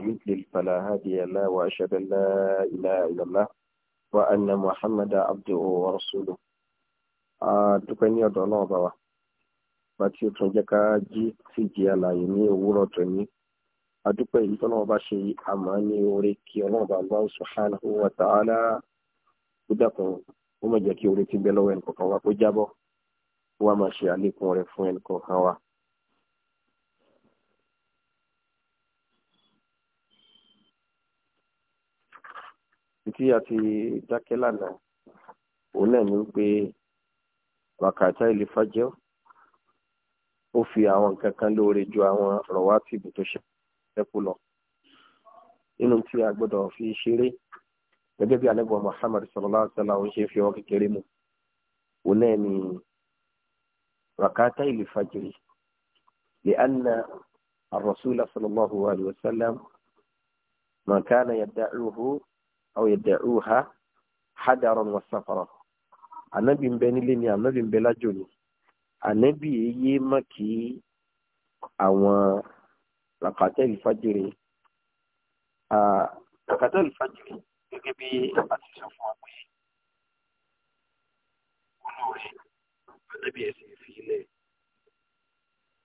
مثل فلا هادي له وأشهد أن لا إله إلا الله وأن محمدا عبده ورسوله adúpẹ́ ní ọ̀dọ̀ ọlọ́run bá wa bá tí ó tún jẹ́ ká jí sí di àlàyé ní òwúrọ̀ tòní adúpẹ́ yìí tọ́lọ́run bá ṣe àmọ́ ní orí kí ọlọ́run bá Allah subhanahu wa ta'ala ó dàkún ó mọ̀ jẹ́ kí orí ti gbẹ lọ́wọ́ ẹnì wa kó jábọ́ ó wá máa ṣe àlékún rẹ̀ fún ẹnì wa. títí àti dákẹ́ lánàá òun náà ni wípé wákàtí ìlífàjẹ́ ó fi àwọn nǹkan kan lóore ju àwọn rọ̀wátìbù tó ṣẹ́kù lọ nínú tí a gbọ́dọ̀ fi ṣeré gẹ́gẹ́ bí alẹ́bùn Muhammad sallallahu alaihi wasallam ń ṣe fi ọwọ́ kékeré mu òun náà ni wákàtí ìlífàjẹ́ لأن الرسول صلى الله عليه وسلم ما كان يدعوه aw yad'uha hadaran wa safara ànábì ń bẹ nílé ni ànábì ń bẹ lájò ni ànábì yéé má kí àwọn làkàtẹ́lì fájìrì làkàtẹ́lì fájìrì gẹ́gẹ́ bí a ti sọ fún wa pé olóore ànábì ẹ̀sìn fi ilẹ̀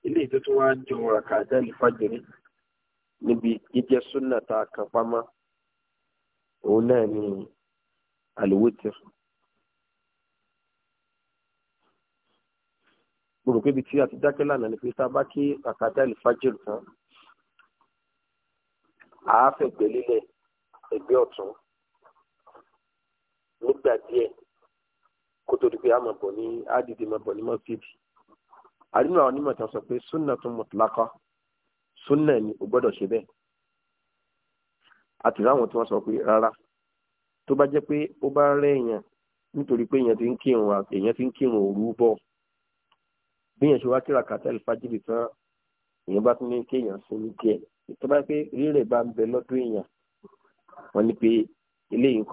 ilé ìtọ́tún wa jọ làkàtẹ́lì fájìrì níbi jíjẹ súnà tá a kan pamọ́ òun من الوتر، àlùwítìr mo rò pé ibi tí a ti dákẹ́ lánàá ni pé tá a bá kí àkàtà ìfàjìrì tán a á fẹ̀gbẹ́ lílẹ̀ ẹ̀gbẹ́ ọ̀tún nígbà díẹ̀ kó tó di pé a máa bọ̀ ní a dìde máa bọ̀ ní mọ́sídì àdínú àwọn onímọ̀ tán sọ pé súnà tó mutlaqa súnà ni o gbọ́dọ̀ ṣe bẹ́ẹ̀ a ti ráwọn tí wọ́n sọ pé rárá tó bá jẹ́ pé ó bá ń rẹ́ èèyàn nítorí pé èèyàn ti ń kírun èèyàn ti ń kírun òru bọ̀ bí èèyàn ṣe wá kíra kàtẹ́lì fájìlì tán èèyàn bá tún ní kí èèyàn sinmi díẹ̀ tó bá pé rírẹ̀ bá ń bẹ lọ́dún èèyàn wọ́n ní pé eléyìí ń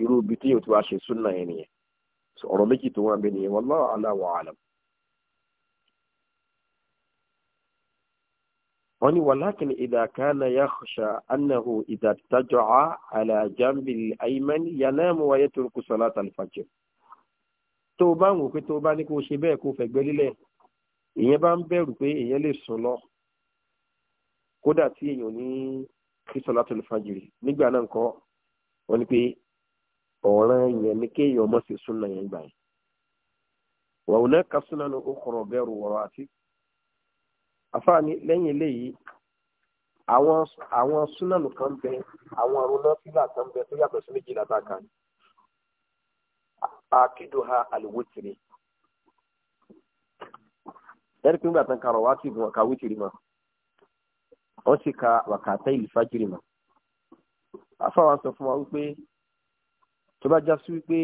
irú ibi tí yóò ti wá ṣe súnà ẹ̀ nìyẹn méjì tó wà bẹ nìyẹn wallahu a'lam wọ́n ní wàlákin ìdàkánà yakhsha annahu ìdàtàjọ́ ala jambil ayman yanamu wa yatruku salat al-fajr tó o bá ń wò pé tó o bá ní kó o ṣe bẹ́ẹ̀ kó o fẹ̀gbẹ́ lílẹ̀ èèyàn bá ń bẹ̀rù pé èèyàn lè sùn lọ kódà tí èèyàn ní kí salatul fajiri nígbà náà kọ́ wọ́n ní pé ọ̀ràn yẹn ni kéèyàn ọmọ sì sùn náà yẹn gbà yẹn. wàhùn náà kásùn ní ó bẹ́ẹ̀rù wọ̀rọ̀ àti àfààní lẹ́yìn eléyìí àwọn àwọn súnánù kan bẹ àwọn àrùn nọfìlà kan bẹ tó yàtọ̀ sí méjìlá tá a kà ní akiduha alwitiri ẹni pé ń gbà tán karọ̀ wá sí ìgbìmọ̀ kàwé tìrì mọ́ wọ́n sì ka wàkàtà ìlúfàjìrì mọ́ àfàwọn sọ fún wa wípé tó bá já sí wípé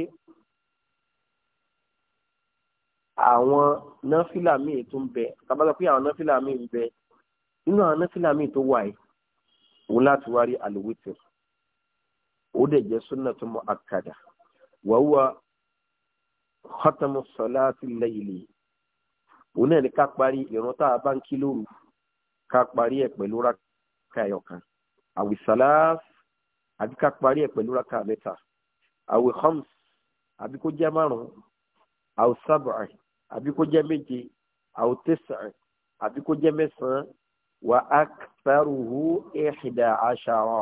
àwọn nọ́fìlà míì tó ń bẹ kábàlọ́ pé àwọn nọ́fìlà míì ń bẹ nínú àwọn nọ́fìlà míì tó wà yìí òun láti wá rí àlùwítìr ó dẹ̀ jẹ́ sunnatu mu'akkada wa huwa khatamu salati layli òun náà ni ká parí ìrun tá a bá ń kí lóru ká parí ẹ̀ pẹ̀lú rákà ẹ̀yọ̀kan àwìsàlás àbí ká parí ẹ̀ pẹ̀lú rákà mẹ́ta àwì khams àbí kó jẹ́ márùn-ún àwìsàbàrì àbí kó jẹ́ méje aw tis'a àbí kó jẹ́ mẹ́sàn-án wa aktharuhu ihda ashara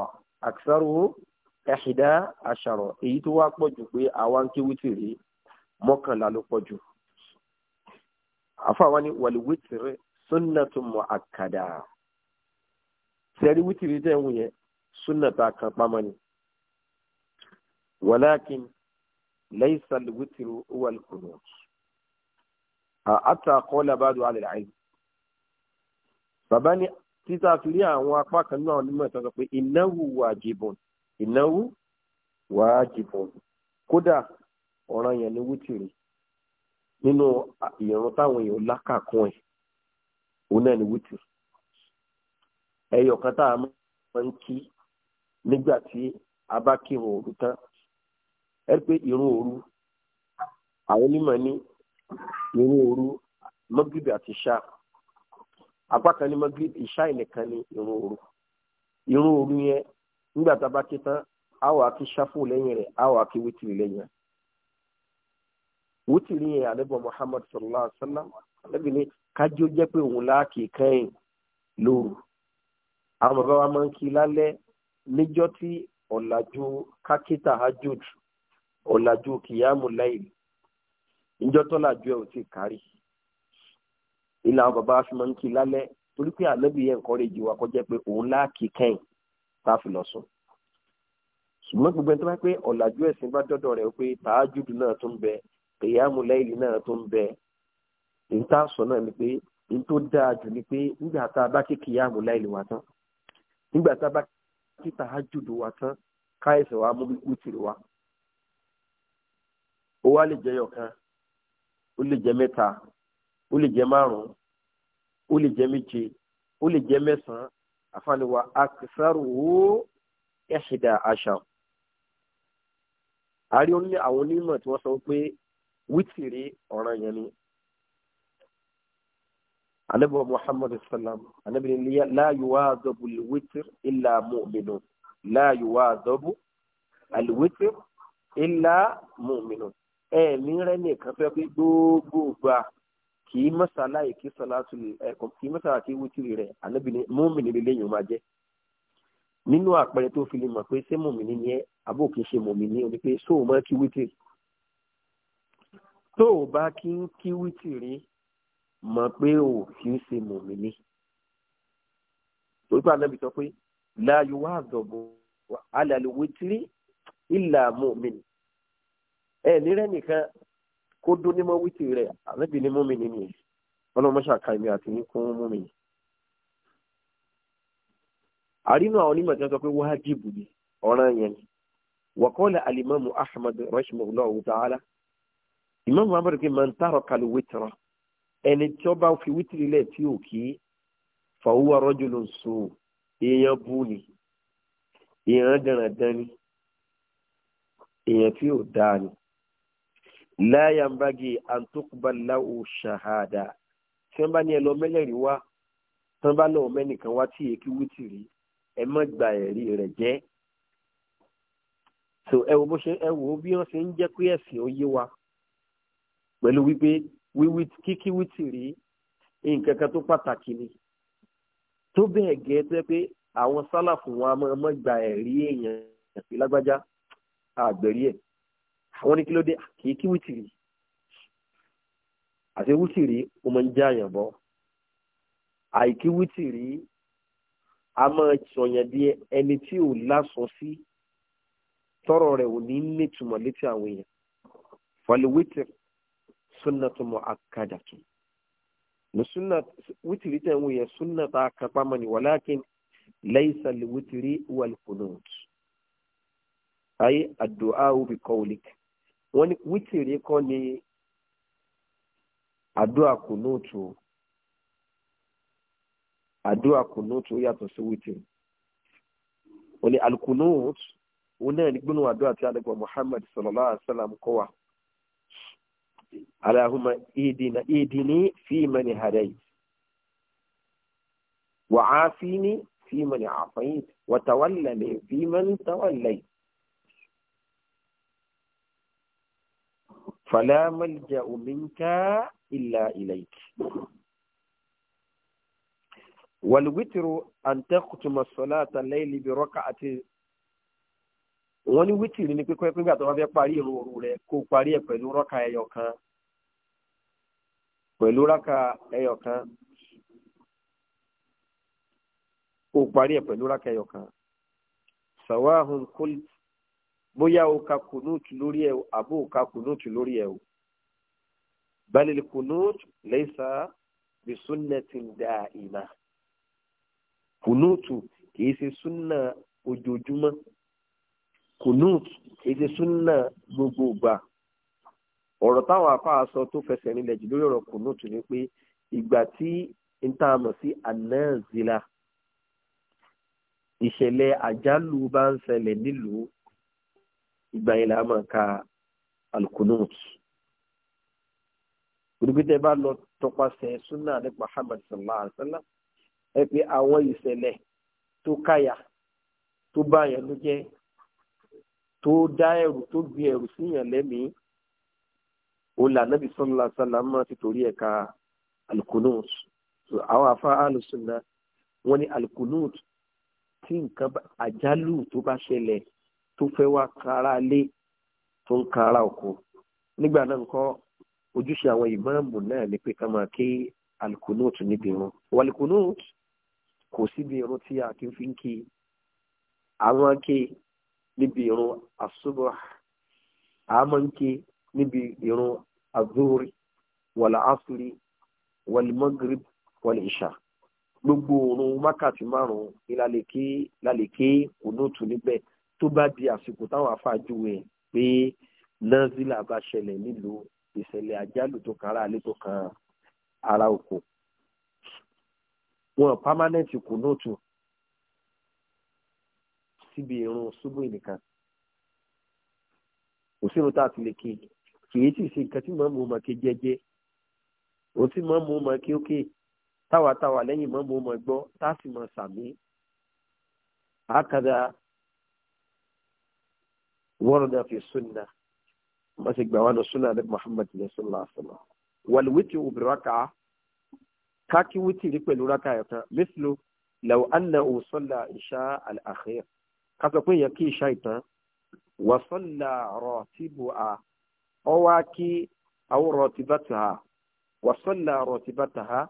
aktharuhu ihda ashara èyí tó wá pọ̀ jù pé àwa ń kí wítìrì mọ́kànlá ló pọ̀ jù àfàwọn ni wal wítìrì sunnatun mu'akkada sẹ́rí wítìrì tẹ̀ ń wù yẹn kan pamọ́ ni walakin laysa al wítìrì àtà kọ́lá bá dùn alẹ́ àìsàn. bàbá ní títà fi rí àwọn apá kan náà onímọ̀ ìtàn sọ pé ìnáwó wajibun ìnáwó wajibun kódà ọ̀ràn yẹn ni wítìrì nínú ìrun táwọn èèyàn lákàkún ẹ̀ òun náà ni wítìrì ẹyọ kan tá a máa ń kí nígbà tí a bá kírun òru tán ẹ pé ìrun òru àwọn onímọ̀ ní nínú òru mọ́gìrìbì àti sha apá kan ní mọ́gìrìbì ìṣá ìnìkan ní irun òru irun òru yẹn nígbà tá a bá ké tán a wà á kí ṣáfù lẹ́yìn rẹ̀ a wà á kí wítìrì lẹ́yìn yẹn Muhammad sallallahu alaihi wa sallam ànábì ní kájí jẹ́ pé òun láàkì kẹ́yìn lóru àwọn bàbá wa máa ń kí lálẹ́ níjọ́ tó ju ẹ̀ ò kárí ilà àwọn bàbá fi máa ń kí lálẹ́ torí pé ànábì yẹn nǹkan wa kọjá pé òun láàkì kẹ́yìn tá a fi lọ sùn gbogbo ẹni tó bá pé ọ̀làjú ẹ̀sìn bá dọ́dọ̀ rẹ̀ pé tàájúdù náà tó ń bẹ kèyàmù náà tó ń bẹ sọ náà ni pé tó dáa jù ni pé nígbà tá a bá wa tán nígbà ó lè jẹ mẹ́ta ó lè jẹ márùn ó lè jẹ méje ó lè jẹ mẹ́sàn àfààní wa akisaru wo ẹsẹdà àṣà àárí oní àwọn onímọ̀ tí wọ́n sọ pé wítìrí ọ̀ràn yẹn ni anabi muhammadu sallam anabi ni láàyò wá dọ̀bù lìwítìr ìlà mọ́ọ̀mìnà láàyò wá dọ̀bù àlìwítìr ìlà ẹ ní rẹ nìkan fẹ́ pé gbogbo gbà kì í mọ́sálà kì í sọ̀lá tù ẹ kì í mọ́sálà kì í wútìrì rẹ̀ ànábìnrin mọ́mìnì lè léyìn máa jẹ́ nínú àpẹẹrẹ tó fi lè mọ̀ pé ṣé mọ̀mìnì ni ẹ àbò kì í ṣe mọ̀mìnì o ní pé ṣó o máa kí wútìrì tó o bá kí ń kí wútìrì mọ̀ pé o kì í ṣe mọ̀mìnì torí pé sọ pé láàyò wá àzọ̀bọ̀ alẹ́ àlè wútìrì ìlà mọ̀mìnì ẹ nírẹ́ nìkan kó dún ní mọ́wítì rẹ̀ àlẹ́bí ní mú mi nínú yẹn ọlọ́mọṣà ka èmi àti yín kún mú mi. àrínú àwọn onímọ̀ tí wọ́n sọ pé wájìbù ni ọ̀ràn yẹn ni wàkọ́lẹ̀ alimami ahmed rahimahullahu ta'ala ìmọ̀mù amadu pé máa ń tààrọ̀ kalu wítìrọ̀ ẹni tí ó bá fi wítìrì lẹ̀ tí ò kí fàwùwà rajulun su èèyàn bú ni èèyàn dẹ̀rẹ̀ dẹ́ni èèyàn tí ò dáa ni láyàmbági àtúkùbáláwò ṣàhádà tí wọ́n bá ní ẹ lọ mẹ́lẹ́rìí wá tí wọ́n bá lọ́wọ́ mẹ́nìkan wá tí èkí wítì rí ẹ má gba ẹ̀rí rẹ̀ jẹ́ so ẹ wo bó ṣe ẹ wo bí wọ́n ṣe ń jẹ́ pé ẹ̀sìn ó yé wa pẹ̀lú wípé wíwí kíkí wítì rí nǹkan kan tó pàtàkì ni tó bẹ́ẹ̀ gẹ́ tó yẹ pé àwọn sálàfù wọn a máa gba ẹ̀rí èèyàn lágbájá àgbẹ̀rí ẹ̀ àwọn ní kí ló dé kìí kí wítìrì àti wítìrì ó máa ń já àyàn bọ́ àìkí wítìrì a máa sọ̀yàn bí ẹni tí ò lásọ sí tọrọ rẹ̀ ò ní nítumọ̀ létí àwọn èèyàn fọlíwítìrì sunnatu mu'akkadatu ni sunna witiri tẹ̀ ń wòye sunna ta kápá mọ́ni wàlákin laysa liwitiri wal qunut ay addu'a bi qawlik wọ́n ní wítìrí kọ́ ni àdúrà kùnúùtù àdúrà kùnúùtù yàtọ̀ sí wítìrí wọ́n ní alkùnúùtù òun náà ní gbónú àdúrà tí alẹ́gbọ̀n Muhammad sallallahu alaihi wasallam kọ́ wa alahuma idina idini fi mani hadayt wa afini fi mani afayt wa tawallani fi man tawallayt fàlà mẹ́lìjà òmìnkà ìlà ìlàìkì. wàlúwítìrù àǹtẹ́kùtùmọ̀ sọ́lá àtàlẹ́ ìlíbi rọ́kà àti wọ́n ní wítìrì ni pípẹ́ pígbà tó wọ́n fẹ́ parí ìrun òru kó parí ẹ̀ pẹ̀lú rọ́kà ẹyọ pẹ̀lú rọ́kà ẹyọ kó parí ẹ̀ pẹ̀lú rọ́kà ẹyọ sawahun qult bóyá o ka kùnúùtù lórí ẹ o àbó o ka ewu. lórí ẹ o balil kùnúùtù laysa bi sunnatin da'ima kùnúùtù kìí ṣe súnà ojoojúmọ́ kùnúùtù kìí ṣe súnà gbogbogbà ọ̀rọ̀ táwọn afáà sọ tó fẹsẹ̀ rinlẹ̀ jù lórí ọ̀rọ̀ kùnúùtù ni pé ìgbà tí n mọ̀ sí anazila ìṣẹ̀lẹ̀ àjálù bá ń ṣẹlẹ̀ ìgbà yẹn làá máa ka alukunut gbẹdúgbẹdẹ bá lọ tọpasẹ̀ sunna ní Muhammad sallallahu alaihi wa sallam ẹ pé àwọn ìṣẹ̀lẹ̀ tó káyà tó bá yẹn ló jẹ tó dá ẹrù tó gbé ẹrù síyàn lẹ́mìí ó là nàbì sallallahu alaihi ti torí ẹ̀ ka alukunut àwọn afa alùsùn náà wọ́n ní alukunut tí nǹkan àjálù tó bá ṣẹlẹ̀ tó fẹ́ wá kára lé tó ń kára oko nígbà náà nǹkan ojúṣe àwọn ìmáàmù náà ni pé ká máa ké alukunutu níbi irun walukunutu kò síbi irun tí a kì í fi ń kí àwọn ké níbi irun àṣùbọ̀ àmọ́ ń ké níbi irun àzúrí wàlà àṣírí wàlì mọ́gírìb wàlì ìṣà gbogbo òrùn wákàtí márùn-ún ni lálẹ́ ké kùnúùtù níbẹ̀ tó bá di àsìkò táwọn afáàjúwe pé nọ́ọ̀zìlà bá ṣẹlẹ̀ nílùú ìṣẹ̀lẹ̀ àjálù tó kan ara alẹ́ tó kan ara oko wọn pámánẹ́ǹtì kò nóòtù síbi irun ṣubú nìkan kò sí irun tá a ti lè kí kìí sì ṣe nǹkan tí màmú ọmọ ké jẹ́jẹ́ òun tí màmú ọmọ ké ókè táwa táwa lẹ́yìn màmú ọmọ gbọ́ tá a sì mọ sàmí àkàdá. ورد في السنة ما سيقبوان السنة نبي محمد صلى الله عليه وسلم والوتي بركعة كاكي وتي يقبل ركعة مثل لو أنه صلى إشاء الأخير كاكي يكي شيطان وصلى راتبها أواكي أو راتبتها وصلى راتبتها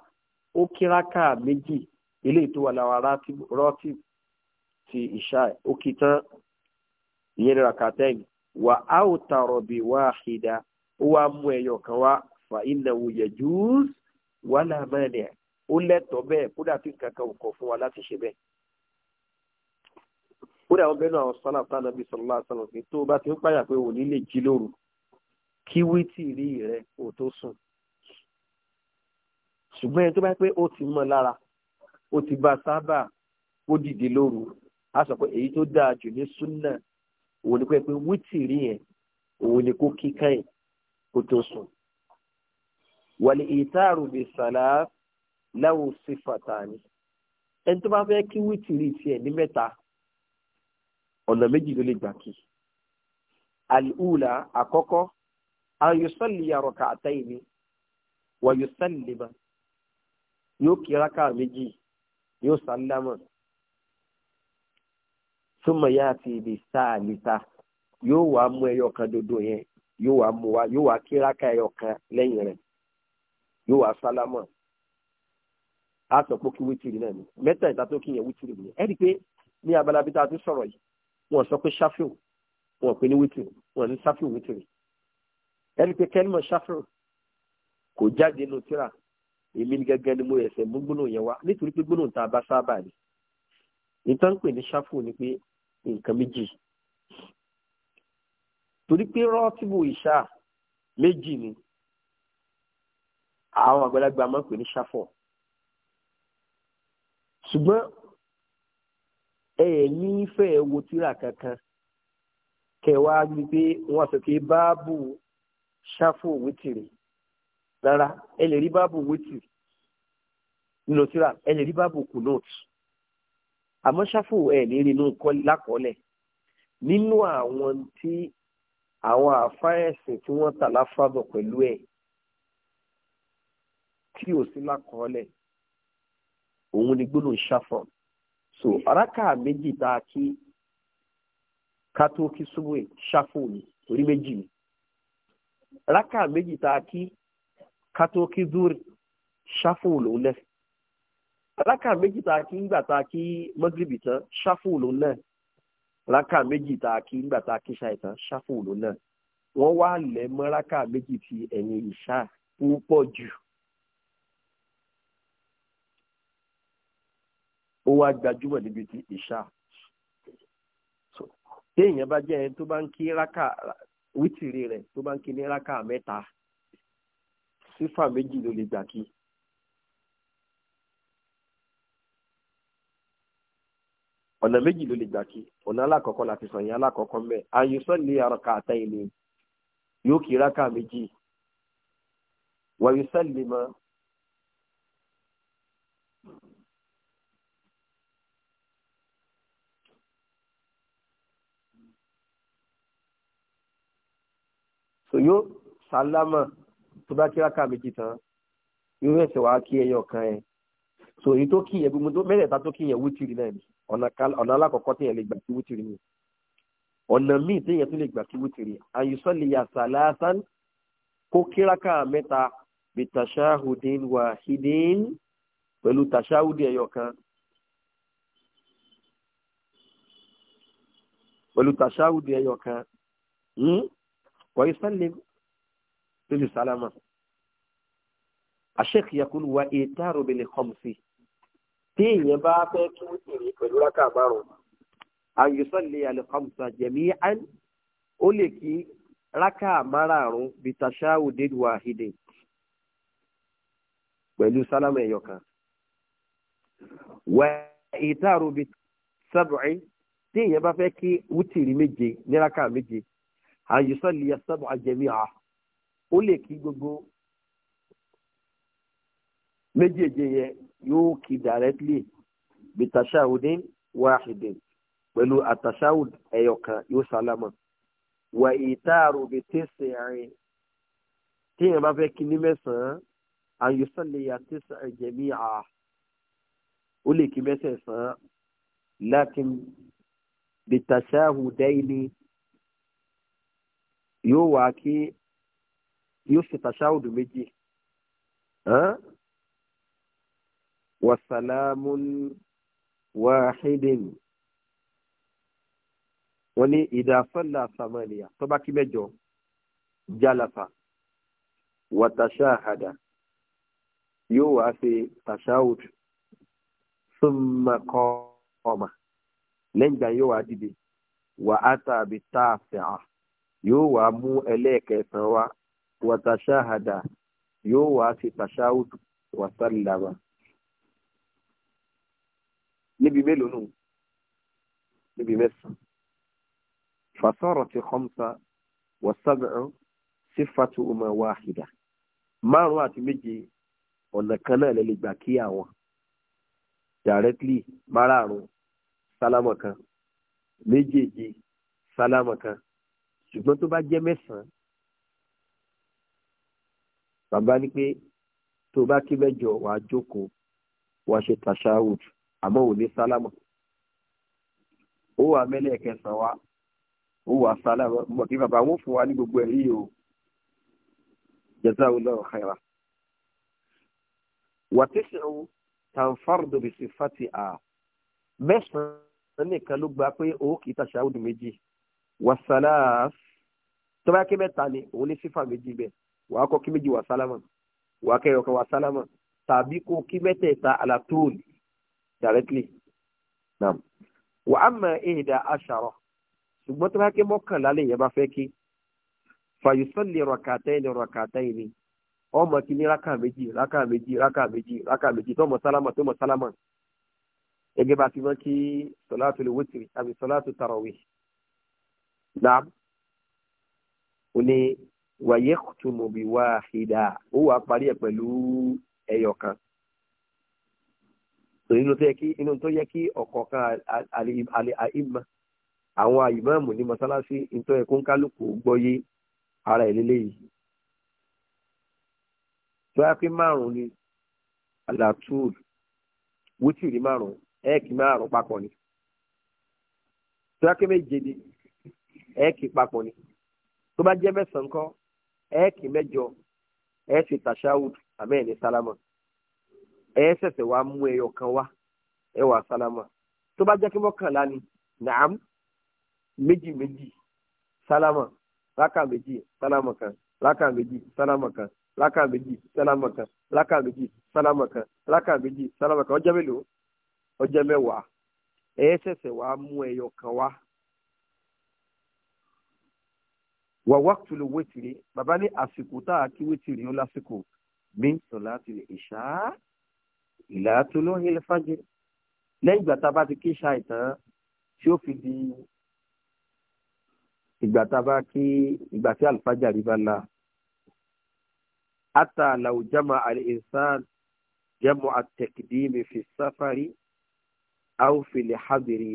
أكركا مجي إليه تولى راتب راتب في إشاء أكتان ìyẹn ní rakatain wà áwùtàrọ̀ bí wáhídà ó wá mú ẹyọ kan wá fa innahu yajuz wala mani ó lẹ́tọ̀ọ́ bẹ́ẹ̀ kódà tí nǹkan kan kọ̀ fún wa láti ṣe bẹ́ẹ̀. kódà wọn bẹ́ẹ̀ náà àwọn sọ́nà tá nàbí sọ̀rọ̀ àṣàlọ̀ sí tó bá ti ń pààyà pé òní lè jí lóru kí wítìrí rẹ ò tó sùn. ṣùgbọ́n ẹni tó bá pé ó ti mọ́ lára ó ti bá sábà ó dìde lóru a sọ pé èyí tó dáa jù ní súnà òun ni pé wítìrí yẹn òun ni kó kíkà yẹn kó tó sùn. wàlẹ̀ ìtààrù bíi sàlá láwo sí fàtàní ẹni tó bá fẹ́ kí wítìrí tiẹ̀ ní mẹ́ta ọ̀nà méjì ló lè gbà kí. àlùhùlà àkọ́kọ́ àyùsọ̀lì àròkà àtẹ́yìnì wàyùsọ̀lì lè ma yóò kí rákà méjì yóò sàlámà súnmọ́ yá àti ibi sáà níta yóò wá mú ẹyọ dodo yẹn yóò wá mú wa yóò wá kíráka ẹyọ kan lẹ́yìn rẹ̀ yóò wá sálámọ̀ á sọ pé kí wítìrì náà ni mẹ́ta ìta tó kí yẹn wítìrì nìyẹn ẹ́ rí i pé ní abala bí tá a ti sọ̀rọ̀ yìí wọ́n sọ pé ṣáfíù wọ́n pè ní wítìrì wọ́n ní ṣáfíù wítìrì ẹ́ rí i pé kẹ́límọ̀ ṣáfíù kò jáde nù tíra èmi gẹ́gẹ́ ni mo ẹ̀sẹ̀ mú gbóná yẹn wá nítorí pé gbóná ta bá sábà ni ìtàn pè ní ṣáfù ni pé nǹkan méjì torí pé rọ́tìbù ìṣá méjì ni àwọn àgbàlagbà máa ń pè ní ṣáfọ̀ ṣùgbọ́n ẹ̀yin fẹ́ wo tíra kankan kẹwàá gbé pé wọ́n sọ pé báàbù ṣáfò wítìrì rárá ẹ lè rí báàbù wítìrì nínú tíra ẹ lè rí báàbù kùnọ́ọ̀tì àmọ́ ṣáfù ẹ̀ ní rí inú lákọọ́lẹ̀ nínú àwọn tí àwọn àfáẹ̀sìn tí wọ́n tà láfàbọ̀ pẹ̀lú ẹ̀ tí ò sí lákọọ́lẹ̀ òun ni gbólóhùn ṣáfù so àràkà méjì tá a kí ká tó kí súnmọ́ ẹ̀ ṣáfù ni orí méjì ni àràkà méjì tá a kí ká tó kí dúró ṣáfù lòún lẹ́sìn rákà méjì tá a kí ńgbà tá a kí mọ́gìrìbì tán ṣáfù ló náà rákà méjì tá a kí ńgbà tá a kí ṣáì tán ṣáfù ló náà wọ́n wá lẹ̀ mọ́ rákà méjì ti ẹ̀yìn ìṣá púpọ̀ jù. ó wá gbajúmọ̀ níbi ti ìṣá téèyàn bá jẹ́ ẹni tó bá ń kí rákà wítìrì rẹ̀ tó bá ń kí ní rákà mẹ́ta sífà méjì ló lè gbà kí. ọ̀nà méjì ló lè gbà kí ọ̀nà alákọ̀ọ́kọ́ láti sọ yẹn alákọ̀ọ́kọ́ ń bẹ̀ ayọ̀sọ́ lè arọ́ka àtà ilé yóò kí ráka méjì wàyọ̀sọ́ lè mọ. so yóò sálámà tó bá kí ráka méjì tán yóò rẹ̀ sẹ̀ wá kí ẹyọ kan ẹ̀ so èyí tó kí yẹn gbogbo mẹ́rẹ̀ẹ́ta tó kí yẹn wútìrì náà ni ọ̀nà alákọ̀ọ́kọ́ téèyàn lè gbà kí wítìrì ni ọ̀nà míì téèyàn tún lè gbà kí wítìrì àyùsọ̀lì yàtà lásán kó kíráka mẹ́ta bí tàṣáhùdín wàhídín pẹ̀lú tàṣáhùdín ẹ̀yọ̀ kan pẹ̀lú tàṣáhùdín ẹ̀yọ̀ kan wọ́n yìí sálẹ̀ lórí sálámà àṣẹ́kìyàkùn wa ètàrò bẹ̀lẹ̀ kọ́mùsì tí èèyàn bá fẹ́ kí wọ́n tèrè pẹ̀lú rákà márùn-ún ayùsọ̀lẹ̀ alìkọ́mùsà jẹ̀mí án ó lè kí rákà márààrún bitashawu dédùwà hídè pẹ̀lú sálámù ẹ̀yọ̀kan wà ìtàrù bí sábùrì tí èèyàn bá fẹ́ kí wútìrì méje ní rákà méje ayùsọ̀lẹ̀ sábù àjẹmí à ó lè kí gbogbo méjèèje yẹn yóò kí directly bitashahudin wahidin pẹ̀lú atashahud ẹ̀yọ̀kan yóò sálámà wà ìtaàrò bìtẹ́sẹ̀ àárín téèyàn bá fẹ́ kí ní mẹ́sàn-án àyùsọ̀lẹ̀yà tẹ́sẹ̀ ẹ̀jẹ̀mí à ó lè kí mẹ́sàn-án lakin bitashahudaini yóò wá kí yóò ṣe méjì. وسلام واحد وني إذا صلى ثمانية طبعا كما جو جلس وتشاهد في تشاهد ثم قام لنجا يوافي وأتى بالتاسعة يوامو إليك سوا وتشاهد في تشاهد وسلم níbi mélòó nù níbi mẹ́sàn-án fasọ́rọ̀ ti khamsa wà sábẹ̀rún sífàtú ọmọ wáhìdà márùn àti méje ọ̀nà kan náà lè lè gbà kí àwọn directly márààrún sálámọ̀ kan méjèèje sálámọ̀ kan ṣùgbọ́n tó bá jẹ́ mẹ́sàn-án bàbá ní pé tó bá kí mẹ́jọ wàá jókòó wàá ṣe tashahud àbọ̀ òní sálámà ó wà mẹ́lẹ̀ kẹsàn-án wa ó wà sálámà mọ̀ kí bàbá wọn fún wa ní gbogbo ẹ̀rí o jazakallahu khaira wà tẹ̀sán tàǹfàrùdù bìsí fati a mẹ́sàn-án nìkan ló gba pé ó kì í ta ṣáwùdù méjì wà sálàf tó bá kí mẹ́ta ni òun ní sífà méjì bẹ́ẹ̀ wàá kọ́ kí méjì wà sálámà wàá kẹ́yọ̀kọ̀ wà sálámà tàbí kó kí mẹ́tẹ̀ẹ̀ta àlàtóòlì directly naam wà á mọ ìhìdá aṣàrọ ṣùgbọ́n tó bá ké mọ́kànlá lè yẹn bá fẹ́ kí fàyùsọ́lì rọ̀kàtẹ́yìn rọ̀kàtẹ́yìn ni ọmọ kí ní rákà méjì rákà méjì rákà méjì rákà méjì tó mọ sálámà tó mọ sálámà gẹ́gẹ́ bá ti mọ́ kí sọláàtù lè wótìrì àbí sọláàtù tàràwì naam ó ní wàyẹ̀ tùmù bí wàhídà ó wà parí ẹ̀ pẹ̀lú ẹyọ kan torí ló tẹ́ kí inú tó yẹ kí ọ̀kọ̀ọ̀kan àlè àìmọ̀ àwọn àìmọ̀ọ̀mù ní mọ́sálásí ìtọ́ ẹ̀kọ́ ń kálukú gbọ́yé ara ìlélẹ́ yìí. tó yá pé márùn-ún ni alatul wútìrì márùn-ún ẹ̀ẹ́kì márùn-ún papọ̀ ni. tó yá pé méje ni ẹ̀ẹ́kì papọ̀ ni. tó bá jẹ́ mẹ́sàn-án kọ́ ẹ̀ẹ́kì mẹ́jọ ẹ̀ẹ́sì tàṣáwùd àmẹ́ẹ̀ ní sálámọ̀ ẹ ṣẹ̀ṣẹ̀ wá mú ẹyọ kan wá ẹ wà sálámà tó bá jẹ́ kí mọ́kànlá ni nàám méjì méjì sálámà rákà méjì sálámà kan rákà méjì sálámà kan rákà méjì sálámà kan rákà méjì sálámà kan rákà méjì sálámà kan ó jẹ́ mélòó ó jẹ́ mẹ́wàá ẹ ṣẹ̀ṣẹ̀ wá mú ẹyọ kan wá. wà wákùtù lè wétìrí bàbá ní àsìkò tá a kí wétìrí ó lásìkò mí sọ̀lá tilẹ̀ ìṣáá ìlà toló hílẹ̀ fájìrì lẹ́yìn ìgbà tá a bá ti kí ṣàìtàn tí ó fi di ìgbà tá a bá kí ìgbà tí àlùfájàrí bá la ata àlàójámà àlìsàn jẹmọ àtẹkìdímì fi sáfárì àwòfìlẹ hábìrì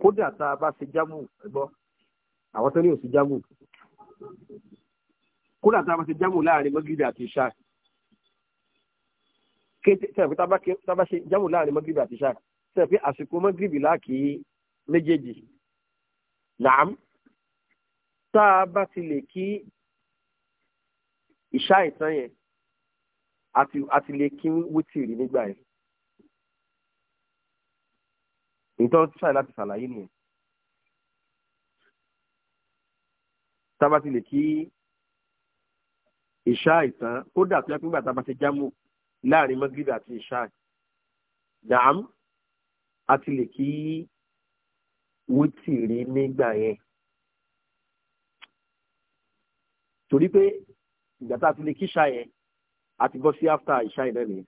kódà tá a bá ṣe jámù ẹgbọ àwọn tó ní òsì jámù kódà tá bá ṣe jámù láàrin mọgìdì àti ṣáà kété tẹ̀ pé tábà ṣe jámù láàrin mọ́gìrìbì àti ṣáà tẹ̀ pé àsìkò mọ́gìrìbì láàkì méjèèjì làám tá a bá ti lè kí ìṣá ìtàn yẹn àti lè kí wítìrì nígbà yẹn ìtọ́ ṣáà láti ṣàlàyé nìyẹn tábà ti lè kí ìṣá ìtàn kódà tó yẹ pé nígbà tá a bá ṣe láàrin magrib àti ishaq dàm a ti lè kí wítìrí nígbà yẹn torí pé ìgbà tá a ti lè kí ṣáà yẹn bọ́ sí after ìṣá yẹn náà nìyẹn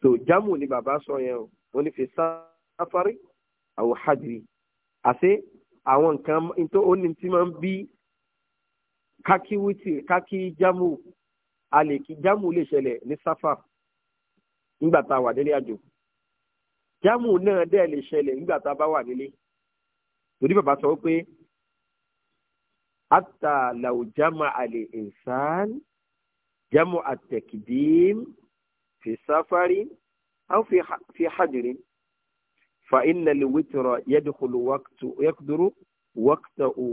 so jamu ni bàbá sọ yẹn o wọ́n ní fi sáfárí àwọn hajiri àti àwọn nǹkan tó ó ní tí máa ń bí kákí wítì kákí jamu a lè kí jámù lè ṣẹlẹ̀ ní sáfà nígbà tá a wà nílé àjò jámù náà dẹ́ lè ṣẹlẹ̀ nígbà tá a bá wà nílé torí bàbá sọ pé hatta law jama al insan jamu at-takdim fi safarin aw fi fi fa inna al-witra yadkhulu waqtu yaqduru waqtahu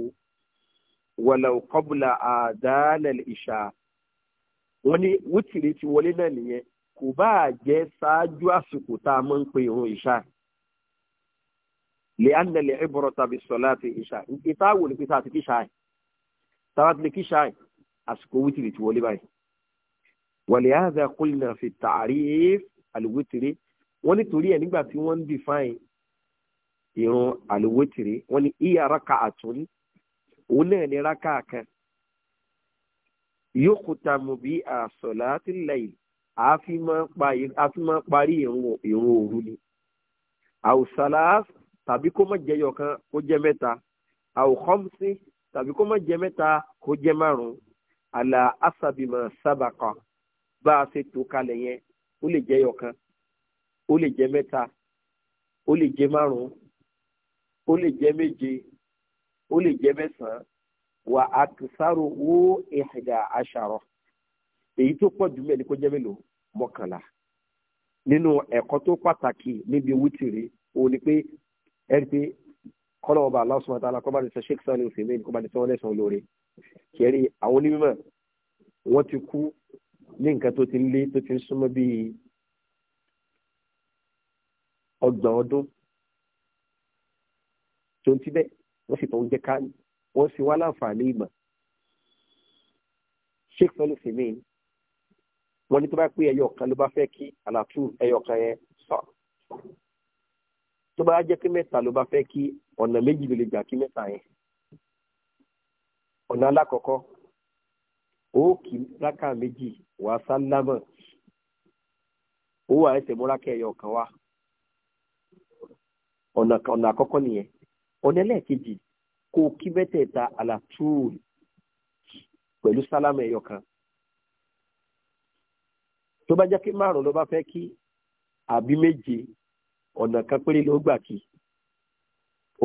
walau qabla adhan al wọ́n ní wítìrì ti wọlé náà nìyẹn kò bá jẹ́ ṣáájú àsìkò tá a máa ń pe irun ìṣá lè á nílẹ̀ ìbọ̀rọ̀ tàbí sọ̀lá ti ìṣá ìta wò ní pípa àti kíṣá ẹ̀ táwa ti lè kíṣá ẹ̀ àsìkò wítìrì ti wọlé báyìí. wàlẹ̀ àdá kúlìnà fi tààrí àlùwítìrì wọ́n nítorí ẹ̀ nígbà tí wọ́n ń define irun àlùwítìrì wọ́n ní ìyá raka àtún òun náà ní raka kan yókùtà mùbí àsọ̀lá tí lẹ́yìn àfi máa parí ìrun òru ni. àwùsàlá tàbí kó má jẹ́ yọkan kó jẹ́ mẹ́ta àwùkọ́mùsí tàbí kó má jẹ́ mẹ́ta kó jẹ́ márùn-ún àlà àṣàbìmọ̀ sábàkà bá a ṣe tó kalẹ̀ yẹn ó lè jẹ́ yọkan ó lè jẹ́ mẹ́ta ó lè jẹ́ márùn ó lè jẹ́ méje ó lè jẹ́ mẹ́sàn-án wa akisaru wó ìhìdà àṣàrọ èyí tó pọ̀ jù mẹ́rin kó jẹ́ mélòó mọ́kànlá nínú ẹ̀kọ́ tó pàtàkì níbi wítìrì o ní pé ẹni pé kọ́nà ọba aláṣọ àti alákọ́bá ní sọ sani kọ́ba ní sọ wọn lẹ́sàn-án lóore wọ́n sì wá láǹfààní ìmọ̀ sheikh sọlù simin wọ́n ní tó bá pé ẹyọ kan ló bá fẹ́ kí àlàtú ẹyọ kan yẹn sọ tó bá jẹ́ pé mẹ́ta ló bá fẹ́ kí ọ̀nà méjì ló lè gbà kí mẹ́ta yẹn ọ̀nà alákọ̀ọ́kọ́ ó kì í rákà méjì ó wà ẹsẹ̀ wá ọ̀nà àkọ́kọ́ nìyẹn ọ̀nà ẹlẹ́ẹ̀kejì kó kí mẹ́tẹ̀ẹ̀ta àlàtúùl pẹ̀lú sálámà ẹ̀yọ kan tó bá jẹ́ kí márùn ló bá fẹ́ kí àbí méje ọ̀nà kan péré ló gbà kí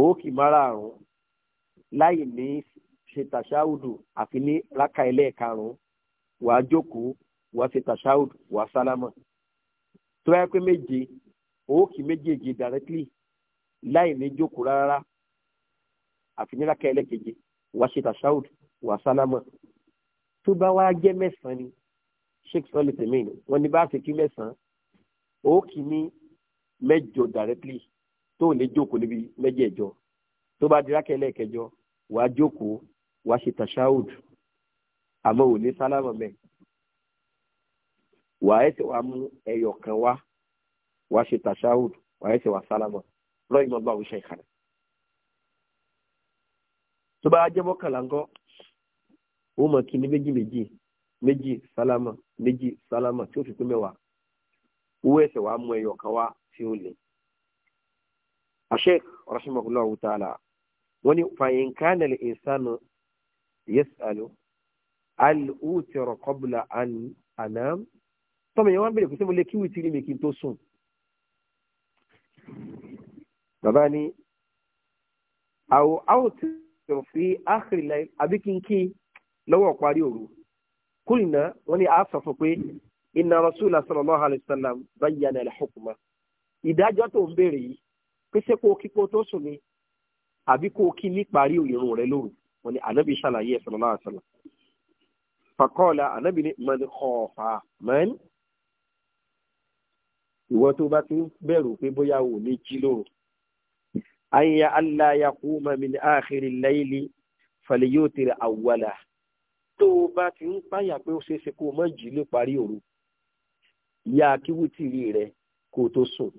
òókì márààrún láì ní ṣe tàṣáùdù àfi ní rákà ẹlẹ́ẹ̀karùn-ún wàá jókòó wàá ṣe wàá sálámà tó bá yẹ pé méje òókì méjèèjì directly láì ní jókòó rárá àfi ní rákà ẹlẹ́keje wàá ṣe tàṣáùd wàá sálámà tó bá wá jẹ́ mẹ́sàn-án ni sheikh sọ́ọ́lì tèmi wọ́n ní bá a ṣe kí mẹ́sàn-án ó kì í ní mẹ́jọ directly tó lè jókòó níbi mẹ́jẹ̀ẹ̀jọ tó bá di rákà ẹlẹ́kẹjọ wàá jókòó wàá ṣe tàṣáùd àmọ́ ò ní sálámà mẹ́ẹ̀ wàá ẹsẹ̀ wàá mú ẹyọ kan wá wàá ṣe tàṣáùd wàá ẹsẹ̀ wàá sálámà lọ́yìn mọ́ bá òun ṣe ìkàlẹ̀ tó bá jẹ́ mọ́kànlá ńkọ́ ó mọ̀ kí ni méjì méjì méjì sálámà méjì sálámà tí ó fi pé mẹ́wàá owó ẹ̀sẹ̀ wàá mú ẹyọ kan wá tí ó lè. Sheikh rahimahullahu ta'ala wọ́n ní fàyín kánẹ̀ lè ìsánú yẹ́sàlú alùtẹ̀rọ̀ kọ́bùlà ànám tọ́mọ̀ yẹn wá bèrè kò sí mo lè kíwì rí mi kí n tó sùn. bàbá ni àwọ̀ àwọ̀ tí tó fi áhìrìlẹ̀ àbí kí n kí lọ́wọ́ parí òru kúrìnà wọn ni a sọ fún pé inna rasulullah sallallahu alayhi wa sallam bayyana al-hukma ìdájọ́ tó ń béèrè yìí pé ṣé kó kí tó sùn ni àbí kó kí ní parí ìrun rẹ lóru wọn ni ànábì ṣàlàyé ẹ̀ sallallahu alayhi wa sallam fakọ́ọ̀lá ànábì ní man khafa ìwọ tó bá ti ń pé bóyá ò ní jí lóru ayé aláyàkúmọ mi ní àkìrí láìlì fàlẹyọtìrì àwọlà tó o bá ti ń páyà pé ó ṣeé ṣe kó o má jí ní parí òru ya kíwútìrì rẹ kó o tó sùn.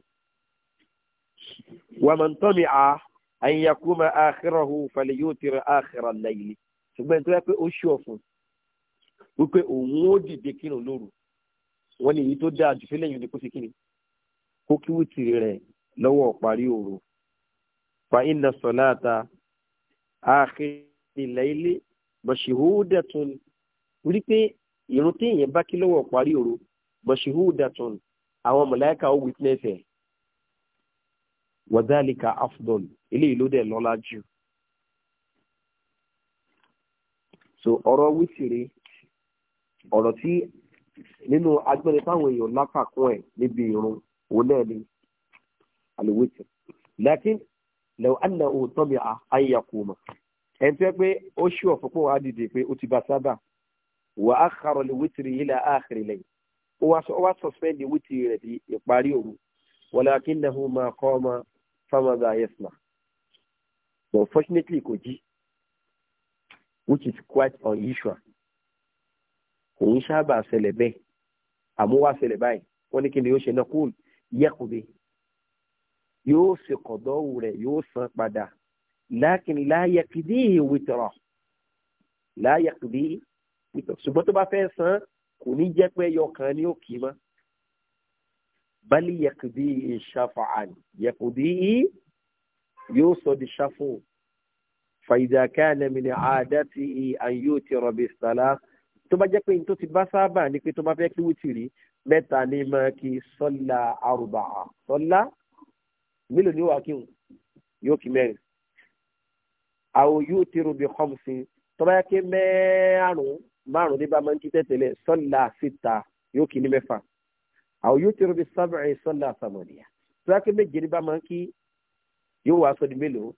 wàmọ̀ ntọ́mi a ayẹyàkúmọ àkìrọ̀hù fàlẹyọtìrì àkìrọ̀ láìlì ṣùgbọ́n tó yẹ pé ó ṣù ọ̀fun wípé òun ó dìde kírun lóru wọn ní èyí tó dáa jù sílẹ̀ yìí ni kó ṣe kíni kó kíwútìrì rẹ lọ́wọ́ parí òru fa inna salata akhiril layli bashihudatun wí pé ìrun tí èèyàn bá kí lọ́wọ́ parí òru bashihudatun àwọn màláíkà ó witness ẹ̀ afdol eléyìí ló dẹ̀ lọ́lá jù so ọ̀rọ̀ wítìrí ọ̀rọ̀ tí nínú agbẹ́rẹ́ táwọn èèyàn lápá kún ẹ̀ níbi ìrun òun náà ni àlùwítì lakin lẹ́wọ̀n anna ò tọ́bi àyà kò mọ̀ ẹ̀ ń tẹ́ pé ó ṣù ọ̀fọ̀pọ̀ wà á dìde pé ó ti bá sábà wà á kàrọ̀ lè wítìrì yìí là á lẹ́yìn ó wá sọ̀spẹ́ndì wítìrì rẹ̀ di ìparí òru walakinnahu ma qama famadà yasna but unfortunately kò jí which is quite unusual kò ń sábà ṣẹlẹ̀ bẹ́ẹ̀ àmúwá ṣẹlẹ̀ báyìí wọ́n ní kí ni yóò ṣe náà kúl yẹ́kùnrin yóò ṣe kọ̀dọ́wù rẹ̀ yóò san padà lákìn láyàkìdí wìtọ̀rọ̀ láyàkìdí wìtọ̀rọ̀ ṣùgbọ́n tó bá fẹ́ san kò ní jẹ́ pé yọkàn ni ó kì í mọ́ bali yàkìdí ìṣàfààn yàkìdí yóò sọ di ṣàfù fàyídà káàlẹ̀ mi ni àádá ti àn yóò ti rọ̀bì sàlá tó bá jẹ́ pé tó ti bá sábà ni pé tó bá fẹ́ kí wítìrì mẹ́ta ni máa kí sọ́lá àrùbà sọ́lá mélòó ni ó wà kírun yóò kí mẹ́rin àwọn yóò tẹ̀rù bí khamsi tọ́ba yẹ kí mẹ́rùn-ún márùn-ún ní bá máa ń kí tẹ́tẹ̀lẹ̀ sọ́là síta yóò kí ní mẹ́fà àwọn yóò tẹ̀rù bí sábẹ̀rẹ̀ sọ́là sàmọ̀nìyà tọ́ba yẹ kí méje ní bá máa ń kí yóò wá sọ di mélòó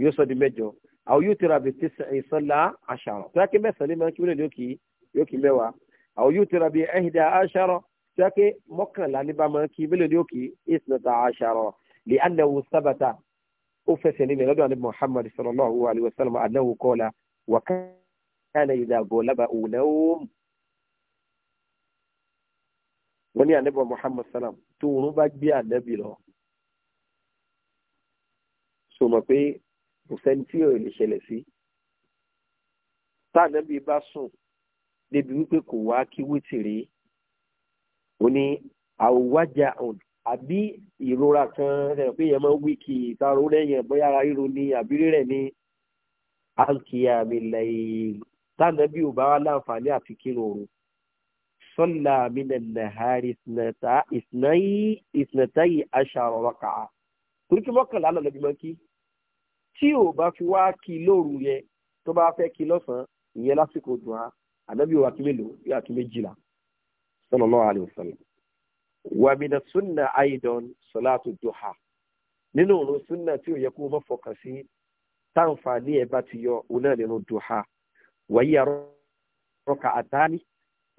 yóò sọ di mẹ́jọ àwọn yóò tẹ̀rù bí tẹ̀sẹ̀ sọ́là àṣàrọ̀ tọ́ba mẹ́sàn-án ní máa ń kí mélòó yóò kí mẹ́wàá àwọn yóò tẹ̀rù bí ẹ̀hìndà àṣàrọ̀ sẹ́kì mọ́kànlá ní bá máa kí bẹ́lẹ̀ ní òkè ìsìnàtà àṣàrọ̀ lè anáwó sábàtà ó fẹsẹ̀ nílẹ̀ lọ́dọ̀ àní muhammad sallallahu alayhi wa sallam anáwó kọ́la wà kánà ìdàgbò lába ònáwó wọ́n ní ànábì muhammad salam tó òun bá gbé ànábì lọ so pé kò tí ò lè ṣẹlẹ̀ sí tá ànábì bá sùn débi wípé kò wá kí wítìrì ó ní àwòwájà àbí ìrora kan rẹ̀ pé yẹn máa ń wí kì í sáró lẹ́yìn bóyá ara ríro ni àbí rírẹ̀ ni alkiyamilẹ̀ tánà bí ò bá wà láǹfààní àti kírun òru sọ́là mílẹ̀ nàhárí ìsìnàtàyí aṣàrọ̀ ọ̀kà torípé mọ́kànlá lọ́nà bí mọ́kí tí ò bá fi wá kí lóru yẹn tó bá fẹ́ kí lọ́sàn-án ìyẹn lásìkò dùn á ànábì wà kí mélòó yóò àti méjìlá. صلى الله عليه وسلم ومن السنة أيضا صلاة الضحى ننو السنة يكون فوقسي تنفع لي باتيو ونالين الضحى وهي ركعتان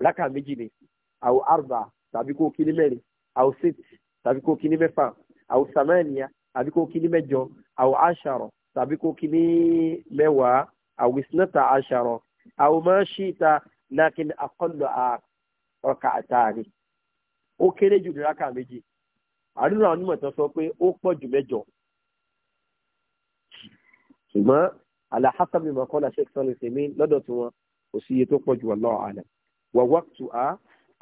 لك مجيني أو أربع تابيكو كلمين أو ست تابيكو كلمة فا أو ثمانية تابيكو كلمة جو أو عشرة تابيكو كلمة موا أو اثنتا عشرة أو ما شئت لكن أقل أقل ọkà àtàrí ó kéré jù níraka méjì àdúrà àwọn onímọ̀ tán sọ pé ó pọ̀ jù mẹ́jọ ṣùgbọ́n alahasa mi mọ̀kọ́ la sheikh sọ́ni sèmi lọ́dọ̀ tí wọn kò sí iye tó pọ̀ jù wallahu alam wà wákùtù á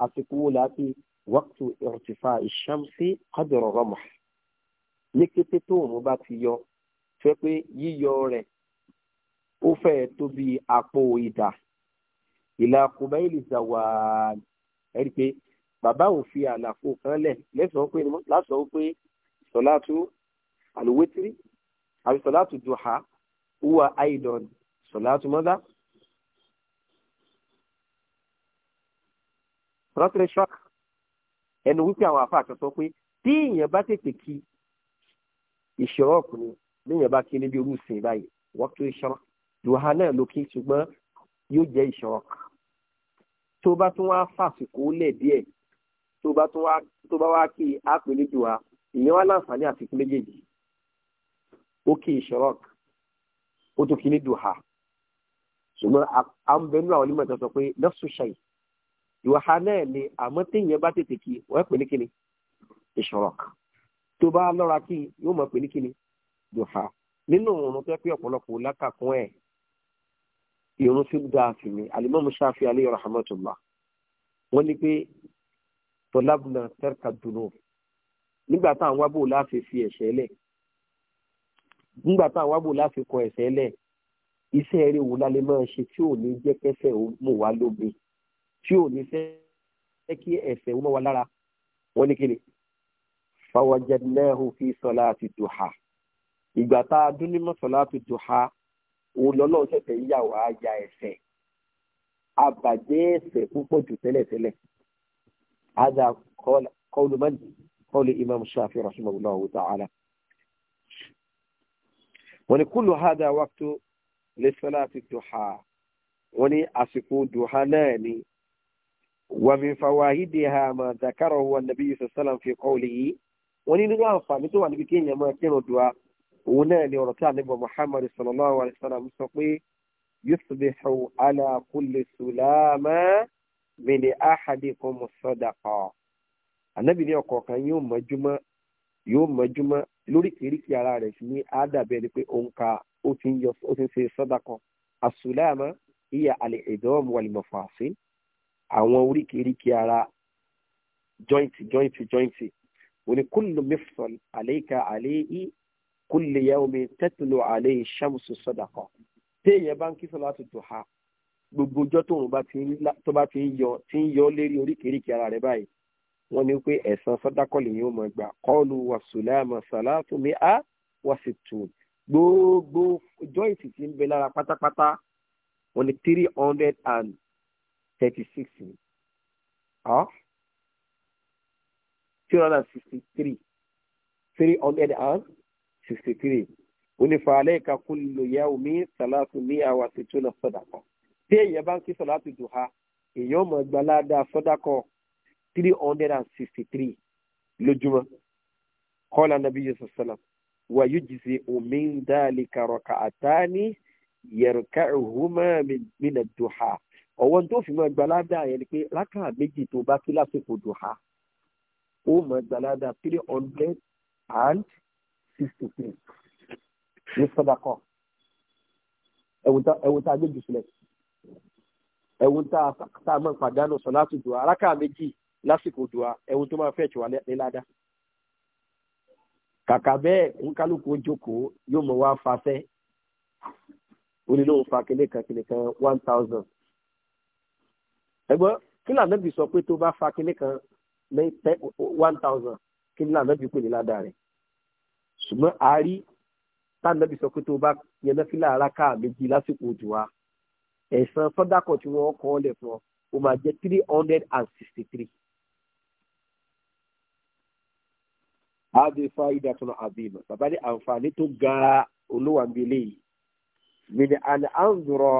àsìkò wo láti wákùtù ìrọ̀tìfà ìṣàmùsí qadra ramah ní kété tó òun bá ti yọ fẹ́ pé yíyọ rẹ̀ ó fẹ́ tó bí apò ìdá ìlà kùbẹ́ẹ̀lì zawal ẹ rí i pé bàbá ò fi àlàfo kan lẹ̀ lẹ́sàn-án pé lásán pé sọ̀látù àlùwétírí àbí sọ̀látù duha wúwa aidan sọ̀látù mọ́dá. rọ́tìrì shock ẹnu wípé àwọn àfa àtọ̀tọ̀ pé tí èèyàn bá tètè kí ìṣòro ọkùnrin ní èèyàn bá kí níbi orúsìn báyìí wọ́n tó ìṣòro duha náà ló ṣùgbọ́n yóò jẹ́ ìṣòro kan tó bá tún wá fàsìkò lẹ̀ díẹ̀ tó bá tún wá tó bá wá kí àpèlé dùn á ìyẹn wá láǹfààní àfikún méjèèjì ó kí ìṣọ́rọ̀k ó tún kí ní dùn á ṣùgbọ́n à ń bẹnu àwọn onímọ̀ ìtàn pé nọ́ọ̀sù ṣàì ìwà náà ni àmọ́ téèyàn bá tètè kí wọ́n pè ní kíni ìṣọ́rọ̀k tó bá lọ́ra kí yóò mọ̀ pè ní kíni dùn nínú òun tó yẹ pé ọ̀pọ̀lọpọ̀ lákàkún ẹ̀ irun fi ń dáa sí mi alimami ṣáfi aleyhi rahmatullah wọ́n ní pé tọ́lábùnà tẹ́ka dùnú nígbà tá à ń wábò láti fi ẹ̀ṣẹ̀ lẹ̀ nígbà tá à ń wábò láti kọ ẹ̀ṣẹ̀ lẹ̀ iṣẹ́ eré wo la lè máa ṣe tí ò ní jẹ́ kẹsẹ̀ wá lómi tí ò ní fẹ́ kí ẹ̀ṣẹ̀ mọ́ wa lára wọ́n ní kíni fawajadnahu fi salati duha ìgbà tá a dún ní mọ́ salati duha òun lọ́lọ́run ṣẹ̀ṣẹ̀ yà wá ya ẹ̀ṣẹ̀ àbàjẹ́ ẹ̀ṣẹ̀ púpọ̀ jù tẹ́lẹ̀tẹ́lẹ̀ ada kọlu mọ́lì kọlu imam shafi rahimahullah ta'ala wọ́n ní kúlù hada wákìtò lè sọ́lá ti dùhà wọ́n ní àsìkò dùhà náà ni wàmí fawáhídìhà mà dàkàrọ̀ wọn nàbí yusuf sálàm fi kọ́ọ̀lì yìí wọ́n ní nínú àǹfààní tó wà níbi kéèyàn máa kírun dùhà òun náà ni ọ̀rọ̀ tí ànábọ̀ Muhammad sallallahu alayhi wa sallam sọ pé yusbihu ala kulli sulama min ahadikum sadaqa ànábì ní ọ̀kọ̀ọ̀kan yóò mọ́júmọ́ yóò mọ́júmọ́ lóríkèéríkèé ara rẹ̀ sí ní àdàbẹ̀ ni pé òun ka ó ti ń ṣe sadaqa as-sulama hiya al-idam wal-mafasil àwọn oríkèéríkèé ara jointi jointi jointi oníkùnlùmífọ̀l àlééka àlééyí kulli yawmi tatlu alayhi shamsu sadaqa téèyàn bá ń kí sọlá tutù ha gbogbo ọjọ́ tóun bá ti ń yọ ti ń yọ lérí oríkèéríkèé ara rẹ̀ báyìí wọ́n ní pé ẹ̀san sọ́dákọ̀ lèyìn ó máa gbà kọ́ọ̀lù wàsùlámà sàlátùmí á wàsìtù gbogbo jọ́ìsì tí ń bẹ lára pátápátá wọ́n ní three hundred and thirty six ni three hundred and sixty three three hundred and sixty three onífàálẹ́ ìka kullu yawmi sàlátù ní àwọn àtẹ̀tù náà sọ̀dàkọ̀ tí èèyàn bá ń kí sàlátù duha èèyàn mọ̀ gbalada sọ̀dàkọ̀ three hundred and sixty three lójúmọ́ kọ́lá nàbí yusuf salam wà yóò jìsì omi ń dáàlì kàrọ̀kà àtàní yẹ̀rùkà ìhùmọ́ mi nà duha ọ̀wọ́ tó fi mọ́ gbalada yẹn ni pé rákà méjì tó bá kí lásìkò duha ó mọ̀ gbalada three hundred and sixty three ní sọ́dọ̀kọ̀ ẹ̀wù tá a gbé jùsùlẹ̀ ẹ̀wù tá a máa ń pàdánù sọ láti dùn arákà méjì lásìkò dùn ẹ̀wù tó máa fẹ́ tiwa níláda kàkà bẹ́ẹ̀ nkálukú jókòó yóò mọ̀ wá fasẹ́ onílóhùn fa kele kan kele kan one thousand ẹgbọ́n kí lànà bí sọ pé tó bá fa kele kan one thousand kí lànà bí pè ní ládàá rẹ̀ ṣùgbọ́n a rí tánàbí sọ pé tó bá yẹn náfìlà araka méjì lásìkò òjò wa ẹ̀sán sọ́dákọ̀ tí wọ́n kọ́ ọ́ lẹ̀ fún ọ ó máa jẹ́ three hundred and sixty three. Adé fáyidà tó náà àbí ìmọ̀ bàbá ní àǹfààní tó ga olówàmbélé yìí. Mìnà àná à ń zọrọ̀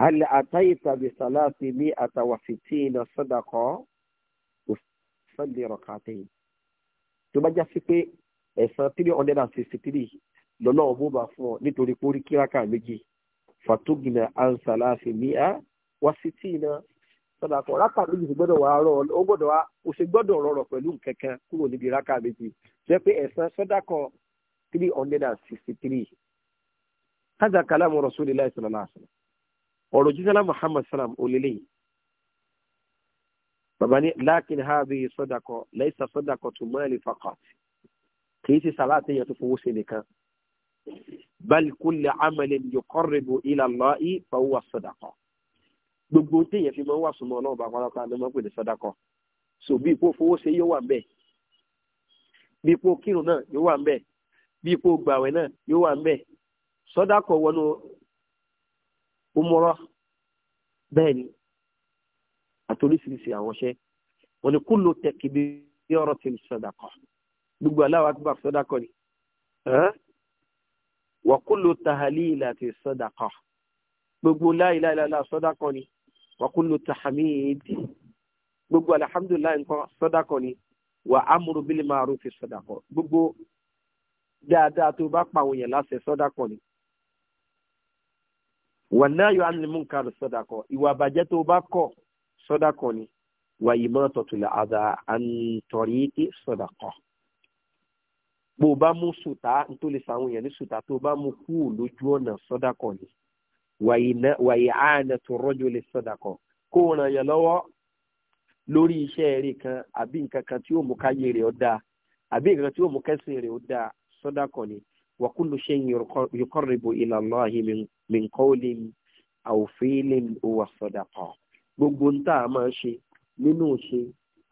hal àtàyètà bí sàlásì ní àtàwàfìtì iná sọ́dákọ̀ òṣèlú rọ̀kàtẹ́yìn. Tó bá já sí pé ẹ̀sán three hundred and sixty three lọ́lọ́wọ́ bó bá fún ọ nítorí pé ó rí kíráka méjì fatugina ansalasi mi'a wasitina sọdàkọ ráka méjì ti gbọ́dọ̀ wà rọ ó gbọ́dọ̀ wà ó ṣe gbọ́dọ̀ rọrọ pẹ̀lú nǹkankan kúrò níbi ráka méjì jẹ́ pé ẹ̀sán sọdàkọ three hundred and sixty three hadha kalamu rasulillahi sallallahu alaihi wasallam ọ̀rọ̀ jísọlá muhammad salam olele baba ni lakin habi sọdàkọ laysa sọdàkọ tó mọ́ẹ̀lì faqat kìí ṣe sàlá àtẹ̀yẹ tó fowó ṣe nìkan bal kulli amalin yuqarribu ila Allahi fa huwa sadaqa gbogbo téèyàn fi máa ń wà súnmọ́ ọlọ́run bá pátápátá ló máa ń pè ní sadaqa so bí ipò fowó ṣe yóò wà ń bẹ̀ bí ipò kírun náà yóò wà ń bẹ̀ bí ipò gbàwẹ̀ náà yóò wà ń bẹ̀ sadaqa wọnú umura bẹ́ẹ̀ ni àti àwọn iṣẹ́ wọn ni kullu takbiratin sadaqa gbogbo aláwa akbar sọdakọ ni wa kullu tahlilati sọdakọ gbogbo la ilaha illallah sọdakọ ni wa kullu tahmid gbogbo alhamdulillah nǹkan sọdakọ ni wa amru bil ma'rufi sọdakọ gbogbo dáadáa tó bá pa àwọn èèyàn láṣẹ sọdakọ ni wàláyọ̀ anilmúnkàrù sọ́dàkọ̀ ìwà àbàjẹ́ tó bá kọ̀ sọ́dàkọ̀ ni wàyí mọ́tò tó lè àdá àǹtọ̀rí sọ́dàkọ̀ bó o bá mú sùtá tó lè sàwọn èèyàn ní sùtá tó o bá mú kúrò lójú ọ̀nà sọ́dàkọ̀ ni wàyí àánà tó rọ́jò lè sọ́dàkọ̀ kó o ràn yàn lọ́wọ́ lórí iṣẹ́ eré kan àbí nǹkan kan tí ó mú káyé rẹ̀ ó dáa àbí nǹkan tí ó mú kẹ́sìn rẹ̀ ó dáa sọ́dàkọ̀ ni wa kullu shay'in ń tà máa ń ṣe nínú ìṣe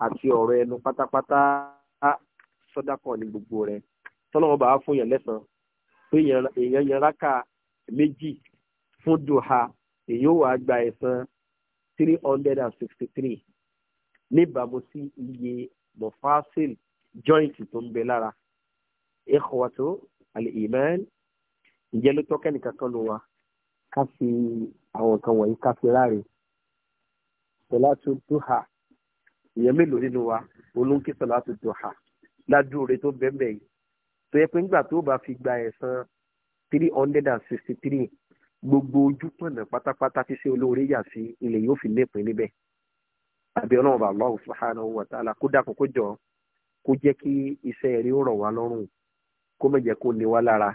àti ọ̀rọ̀ ẹnu pátápátá sọ́dàkọ̀ ni gbogbo rẹ̀ tọ́lọ́wọ́ bá fún yàn lẹ́sàn pé èèyàn yan rákà méjì fún duha èyí ó wàá gba ẹ̀san three hundred and sixty three níbàámu sí iye mofasil joint tó ń bẹ lára ikhwatu al-iman ǹjẹ́ ló tọ́kẹ́ nìkan kan ló wa ká fi àwọn nǹkan wọ̀nyí ká fi ráre sọlátù duha ìyẹn mélòó nínú wa olóńkè sọlátù duha ládùúre tó bẹ́ẹ̀ bẹ́ẹ̀ yìí yẹ pé nígbà tó bá fi gba ẹ̀san three hundred and sixty three gbogbo ojú pọ̀nà pátápátá tí ṣe olóore yà sí ilẹ̀ yóò fi lépin níbẹ̀ àbí ọlọ́run bá Allah subhanahu wa ta'ala kó dákun kó jọ kó jẹ́ kí iṣẹ́ rí rọ̀ wá lọ́rùn kó má jẹ́ kó ní wá lára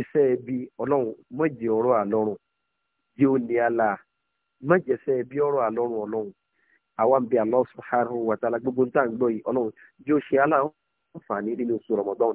iṣẹ́ bí ọlọ́run má ọ̀rọ̀ àlọ́run bí ó ní àlà má sẹ́ bí ọ̀rọ̀ àlọ́run ọlọ́run àwa ń bẹ Allah subhanahu wa ta'ala gbogbo ń tà ń gbọ́ yìí ọlọ́run bí ó ṣe aláǹfààní nínú oṣù Ramadan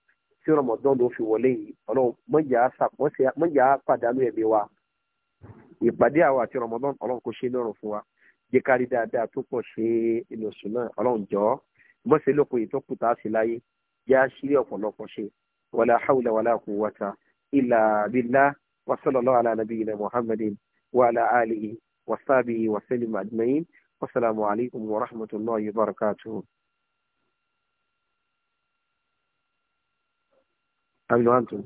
tí rọmọdán ló fi wọlé yìí ọlọ́run mọ̀jà pàdánù ẹ̀mí wa ìpàdé àwọn àti rọmọdán ọlọ́run kò ṣe lọ́rùn fún wa jẹ́ kárí dáadáa tó pọ̀ ṣe inú oṣù náà ọlọ́run jọ ọ́ mọ̀sẹ̀ lóko yìí tó kù tá a sì láyé yá sílé ọ̀pọ̀lọpọ̀ ṣe wàlá hawla wàlá quwwata illa billah wa sallallahu ala nabiyyina muhammadin wa ala alihi wa sahbihi wa alaykum wa rahmatullahi wa barakatuhu. هل أنتم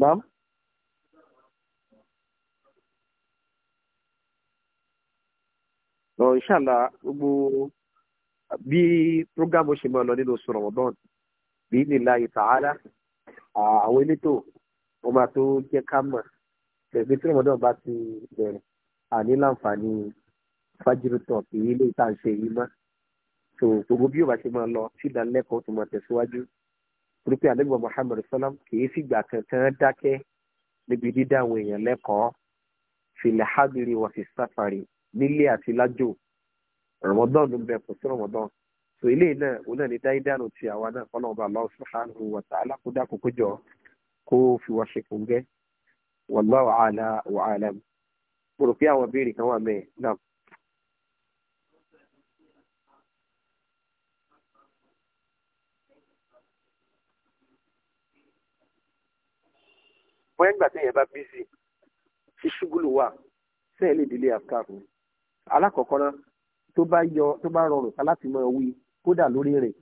نعم ọ̀ ìṣàlà gbogbo bí prógámù ṣe máa lọ nínú oṣù Ramadan, bí nílá ìtàhálà àwọn elétò wọn máa tó jẹ́ ká mọ̀ pẹ̀lú tí rọ̀mọ̀dán bá ti bẹ̀rẹ̀ àní láǹfààní fájírútọ̀ kì í lè tà ń ṣe yìí mọ́ so gbogbo bí yóò bá ṣe máa lọ sí ìdánilẹ́kọ̀ọ́ tó máa tẹ̀síwájú torí pé ànábì wa muhammed sallam kìí fìgbà kankan dákẹ́ níbi dídá àwọn èèyàn lẹ́kọ̀ọ́ filẹ̀ hábìrì wà fi sáfàrì nílé àti lájò ramadan ló ń bẹ kò sí ramadan so ilé náà òun náà ní dáídánù ti àwa náà kọ́ lọ́wọ́ bá Allah subhanahu wa ta'ala kó dákò kó jọ kó fi wá ṣe kùn gẹ́ wallahu a'la wa a'lam mo rò pé àwọn ìbéèrè kan wà mẹ́ẹ̀ náà. bóyá nígbà téèyàn bá bísí ṣe ṣubúlù wà sẹ́ẹ̀ lè délé àfikáàfù alákọ̀ọ́kọ́ náà tó bá yọ tó bá rọrùn láti mọ wí kódà lórí rẹ̀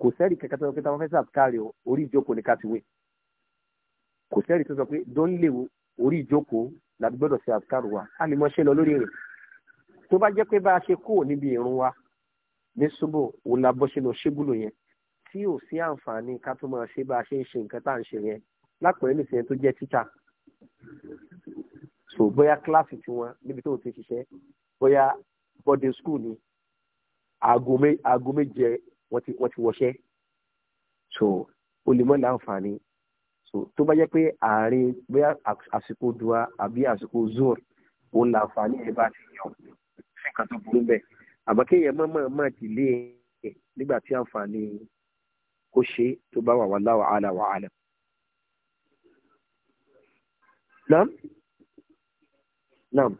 kò sẹ́ẹ̀rì kankan tó sọ pé táwọn fẹ́ sàkáàrì orí ìjókòó ní kátiwé kò sẹ́ẹ̀rì tó sọ pé dóńlèwò orí ìjókòó làbí gbọ́dọ̀ ṣe àfikáàrù wa a lè mọ ṣe lọ lórí rẹ̀ tó bá jẹ́ pé bá a ṣe kúrò níbi ìrun wa ní ṣubú òun la bọ́ sínú ṣíbùlù yẹn tí ò sí àǹfààní ká tó máa ṣe bá a ṣe ń ṣe nǹkan tá à ń ṣe yẹn lápẹ̀rẹ́ lè ṣẹyìn tó jẹ́ tíṣà so bóyá kíláàsì tiwọn níbi tó ti ṣiṣẹ́ bóyá bọ́dé school ni aago méje wọ́n ti wọṣẹ́ so o lè mọ́ láǹfààní so tó bá jẹ́ pé àárín bóyá àsìkò dua àbí àsìkò zor òun láǹfààní ẹ̀ bá ti yàn fún nǹkan tó burú bẹ́ẹ̀ àmọ́ kéèyàn mọ́ mọ́ mọ́ ti lé e nígbà tí àǹfààní kò ṣe tó bá wà wà láwàá àlà نعم نعم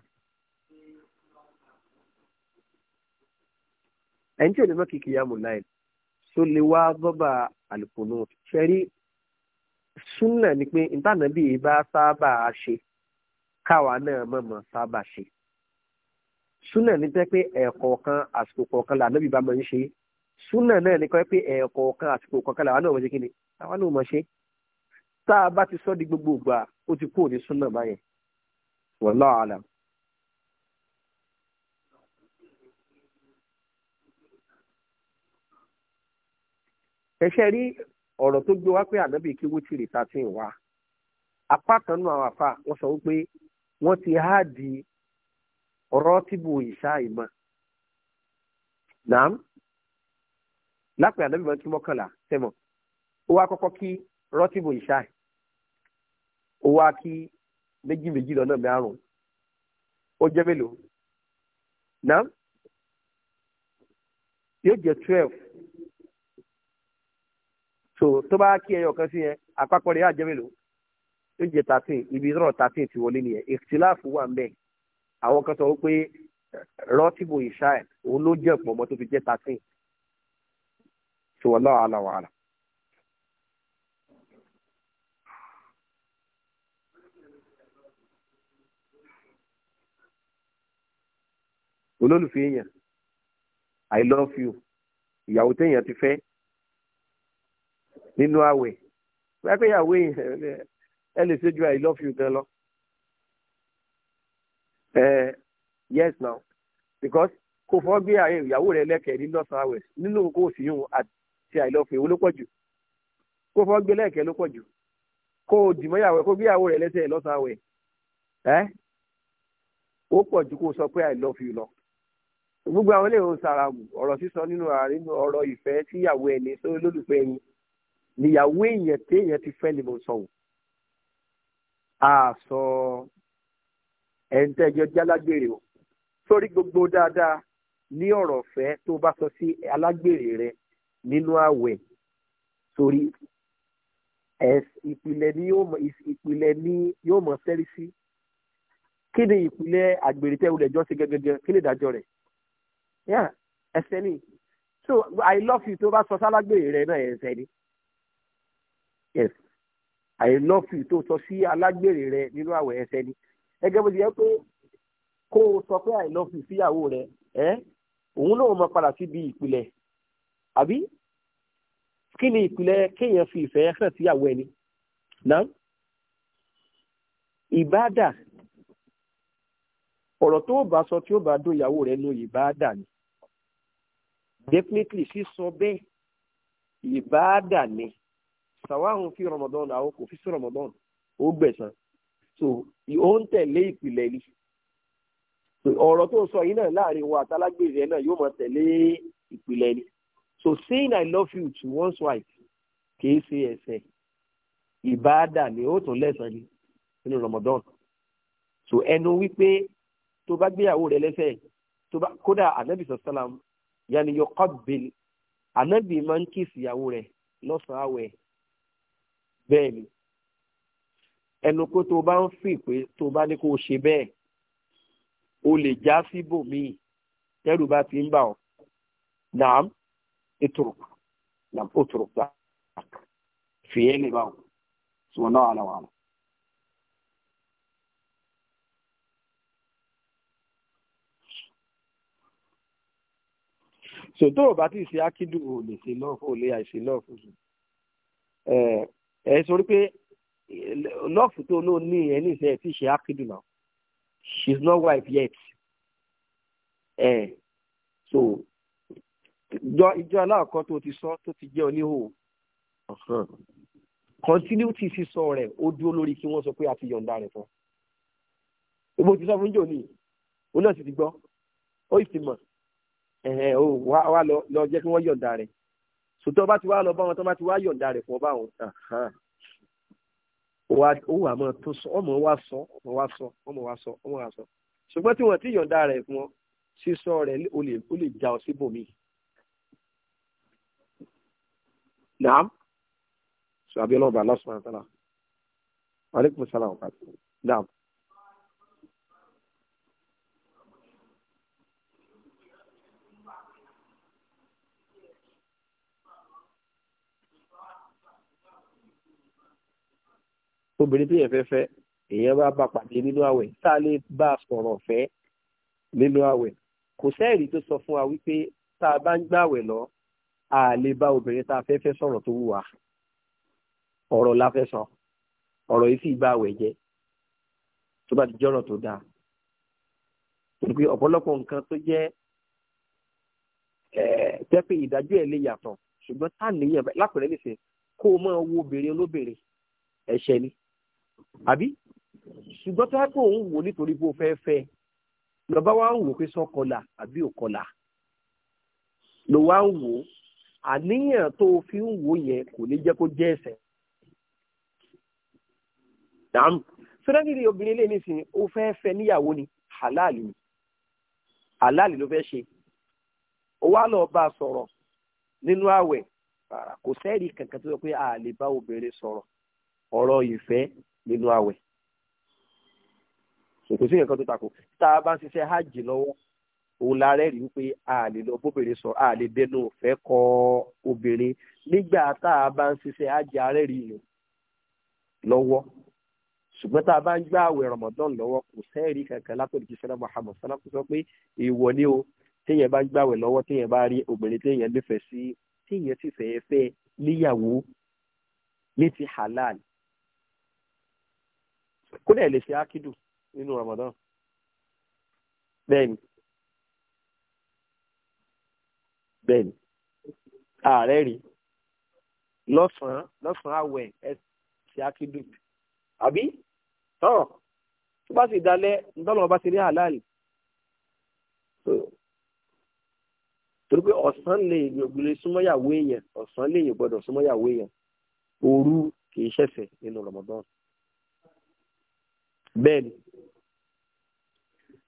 ẹni tí ò ní mọ́ kìkì yá mùláì tó lè wá gọ́bà àlùkùnú ṣẹ́rí súnà ni pé ìtànàbí bá sábà ṣe káwa náà mọ̀mọ́ sábà ṣe súnà ní pé ẹ̀ẹ̀kọ̀ọ̀kan àsìkò kọ̀ọ̀kan làánàbí bá máa ń ṣe súnà náà ní pé ẹ̀ẹ̀kọ̀ọ̀kan àsìkò kọ̀ọ̀kan tá a bá ti sọ di gbogbo ìgbà ó ti kúrò ní súnà báyẹn wallahu alam. ẹṣẹ rí ọ̀rọ̀ tó gbé wá pé ànábì kí wútìrì ta ti ń wá apá kan nínú àwọn àfa wọn sọ wípé wọn ti há di ọ̀rọ̀ tìbù ìṣá ìmọ̀ nàám lápẹ ànábì wọn kí mọ́kànlá tẹmọ ó wá kọ́kọ́ kí rọ́tìbù ìṣáì ó wá kí méjì méjì lọ́nà márùn-ún ó jẹ́ mélòó náà yóò jẹ́ twelve so tó bá kí ẹyọ kan sí yẹn àpapọ̀ rẹ̀ yóò jẹ́ mélòó yóò jẹ́ thirteen ibi ìrọ̀ thirteen ti wọlé nìyẹn ìtìláàfù wà ń bẹ̀ àwọn kan sọ pé rọ́tìbù ìṣáì òun ló jẹ́ pọ̀ mọ́ tó fi jẹ́ thirteen so wallahu ala wa ala. olólùfẹ́ èèyàn i love you ìyàwó téèyàn ti fẹ́ nínú àwẹ̀ pẹ́pẹ́ ìyàwó èèyàn ẹ lè ṣe ju i love you gan lọ yes now because kò fọ́ gbé ìyàwó rẹ lẹ́kẹ̀ẹ́ nínú ọ̀sán àwẹ̀ nínú kò sí yún àti i love you ló pọ̀ jù kó fọ́ gbé lẹ́ẹ̀kẹ́ ló pọ̀ jù kó o dìmọ́ ìyàwó kó gbé ìyàwó rẹ̀ lẹ́sẹ̀ lọ́sàn-án ó pọ̀ ju kó sọ pé i love you lọ gbogbo àwọn eléyìí ń sara ọ̀rọ̀ sísọ nínú àárín ọ̀rọ̀ ìfẹ́ síyàwó ẹni tó lólùfẹ́ ẹni níyàwó èèyàn téèyàn ti fẹ́ ni mo sọ wò á sọ ẹ̀ńtẹ́jọ jálágbèrè o sórí gbogbo dáadáa ní ọ̀rọ̀ ọ̀fẹ́ tó bá sọ sí alágbèrè rẹ nínú àwẹ̀ sórí ìpìlẹ̀ ni yóò mọ̀ ìpìlẹ̀ ni yóò mọ̀ sẹ́rí sí kí ni ìpìlẹ̀ àgbèrè tẹ́ wulẹ̀ jọ́ sí gẹ́gẹ́gẹ́ kí ni ìdájọ́ rẹ̀ yeah ẹ̀ṣẹ̀ ni so i love you tó bá sọ sálágbèrè rẹ náà ẹ̀ṣẹ̀ ni yes i love you tó sọ sí alágbèrè rẹ nínú àwẹ̀ ẹ̀ṣẹ̀ ni ẹgẹ́ bó ti yẹ pé kó o sọ pé i love you síyàwó rẹ ẹ òun náà mọ padà síbi ìpìlẹ̀ àbí kí ni ìpìlẹ̀ kéèyàn fi ìfẹ́ hàn síyàwó ẹni náà ìbáàdà ọ̀rọ̀ tó bá sọ tí ó bá dùn ìyàwó rẹ ló ìbáàdà ni definitely sísọ bẹ́ẹ̀ ìbáàdà ni sàwáhùn fi Ramadan àwọn kò fi sí Ramadan ó gbẹ̀san so ó ń tẹ̀lé ìpìlẹ̀ ni ọ̀rọ̀ tó ń sọ yìí náà láàrin wa àtàlágbèrè ẹ̀ náà yóò máa tẹ̀lé ìpìlẹ̀ ni so saying I love you to one's wife kìí ṣe ẹ̀ṣẹ̀ ìbáàdà ni ó tún lẹ́san ni nínú Ramadan so ẹnu wípé tó bá gbéyàwó rẹ lẹ́sẹ̀ tó bá kódà ànábìsọ̀ yani yóò kọ́ bẹ́ẹ̀ ànábì máa ń kíìsì ìyàwó rẹ̀ lọ́sàn-án àwẹ̀ bẹ́ẹ̀ ni ẹnu kó tó bá ń fì pé tó o ṣe bẹ́ẹ̀ o lè já síbòmíì tẹ́rù bá ti ń bà ọ́ naam ètòrò naam òtòrò gbà fìyẹ́ lè bà ọ́ sùn náà àlàwà. so tó o bá ti ṣe ákídù o lè ṣe lọ́ọ̀fù o lè àìṣe lọ́ọ̀fù sùn ẹ ẹ sori pé lọ́ọ̀fù tó ló ní ẹ ní ìṣe ẹ ti ṣe ákídù náà she is not wife yet ẹ so ìjọ ìjọ aláàkọ́ tó ti sọ tó ti jẹ́ oníhò continuity sísọ rẹ̀ ó dúró lórí kí wọ́n sọ pé a ti yọ̀ǹda rẹ̀ fún un. ìbò ti sọ fún jòní òun náà sì ti gbọ́ ó sì ti mọ̀ ẹ̀hẹ̀ o wá lọ jẹ́ kí wọ́n yọ̀ǹda rẹ̀ sòtọ́ bá ti wá lọ bá wọn tó bá ti wá yọ̀ǹda rẹ̀ fún ọ báwọn ó wà mọ́ tó sọ ọmọ wa sọ ọmọ wa sọ ọmọ wa sọ ọmọ wa sọ ṣùgbọ́n tí wọ́n ti yọ̀ǹda rẹ̀ fún ọ sísọ rẹ̀ ó lè ó lè já ọ síbòmíì. Naam. Sọ abiyọ́lọ́ba Allah subhanahu wa ta'ala. Wa alaikum Naam. obìnrin tó yẹ fẹ́ fẹ́ èèyàn bá bá pàdé nínú àwẹ̀ tá a lè bá a sọ̀rọ̀ fẹ́ nínú àwẹ̀ kò sẹ́ẹ̀rí tó sọ fún wa wípé tá a bá ń gbàwẹ̀ lọ a lè bá obìnrin tá a fẹ́ fẹ́ sọ̀rọ̀ tó wù wá ọ̀rọ̀ la fẹ́ sọ ọ̀rọ̀ yìí sì bá àwẹ̀ jẹ́ tó bá ti jọ́rọ̀ tó dáa torí pé ọ̀pọ̀lọpọ̀ nǹkan tó jẹ́ jẹ́ pé ìdájọ́ ẹ̀ lè yàtọ̀ ṣùgbọ́n tá nìyẹn lápẹ̀rẹ́ nìṣẹ́ kó o máa wo obìnrin olóbìnrin ẹ̀ṣẹ̀ ni àbí ṣùgbọ́n tó kó òun wò nítorí pé ó fẹ́ fẹ́ lọ́ba wa ń wò pé àbí òkọlà ló wá ń wò àníyàn tó fi ń wò yẹn kò ní jẹ́ kó jẹ́ ẹ̀ṣẹ̀. dàm sọ́dọ́gìrì obìnrin lè nísìn ó fẹ́ fẹ́ níyàwó ni halal ni halal ló fẹ́ ṣe ó wá lọ bá a sọ̀rọ̀ nínú ààwẹ̀ kò sẹ́ẹ̀rì kankan tó yẹ pé a lè bá obìnrin sọ̀rọ̀ ọ̀rọ̀ ìfẹ́ nínú àwẹ̀ kò sí nǹkan tó takò tá a bá ń ṣiṣẹ́ hajj lọ́wọ́ òun la rẹ́rìí wípé a lè lọ bóbìnrin sọ a lè dẹnu òfẹ́ kọ obìnrin nígbà tá a bá ń ṣiṣẹ́ hajj arẹ́rìí yẹn lọ́wọ́ ṣùgbọ́n tá a bá ń gbá àwẹ̀ Ramadan lọ́wọ́ kò sẹ́ẹ̀rí kankan látọ̀dọ̀ kí sẹ́lá Muhammad sọ́lá kò sọ pé èèwọ̀ ni o téèyàn bá ń gbá àwẹ̀ lọ́wọ́ téèyàn bá rí obìnrin téèyàn nífẹ̀ẹ́ sí téèyàn sì fẹ́ẹ́ fẹ́ níyàwó ní ti halal kódà lè ṣe ákídù nínú Ramadan bẹ́ẹ̀ni bẹ́ẹ̀ni ààrẹ rí lọ́sàn-án lọ́sàn-án àwẹ̀ ẹ ṣe ákídù àbí tọ́ tó bá sì dalẹ̀ ntọ́nà ọba ti rí àlàyé torí pé ọ̀sán lè gbèrè súnmọ́yàwó èèyàn ọ̀sán lè yìn gbọ́dọ̀ súnmọ́yàwó èèyàn òru kì í ṣẹ̀fẹ̀ nínú Ramadan bẹ́ẹ̀ ni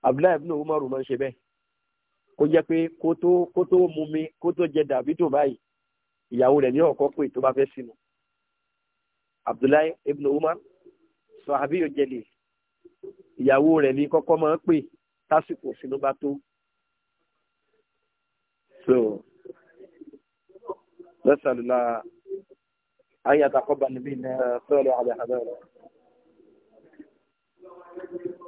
abdullahi ibn umar máa ń ṣe bẹ́ẹ̀ kó jẹ́ pé kó tó kó tó mu mi kó tó jẹ dàbídùn báyìí ìyàwó rẹ̀ ní ọ̀kọ́ pé tó bá fẹ́ sínú abdullahi ibn umar sahabi ojele ìyàwó rẹ̀ ní kọ́kọ́ máa ń pè tásìkò sínú bá tó so nasalula an yatakọba níbi náà sọ́ọ̀lù àdàkàdà rẹ̀. Thank you.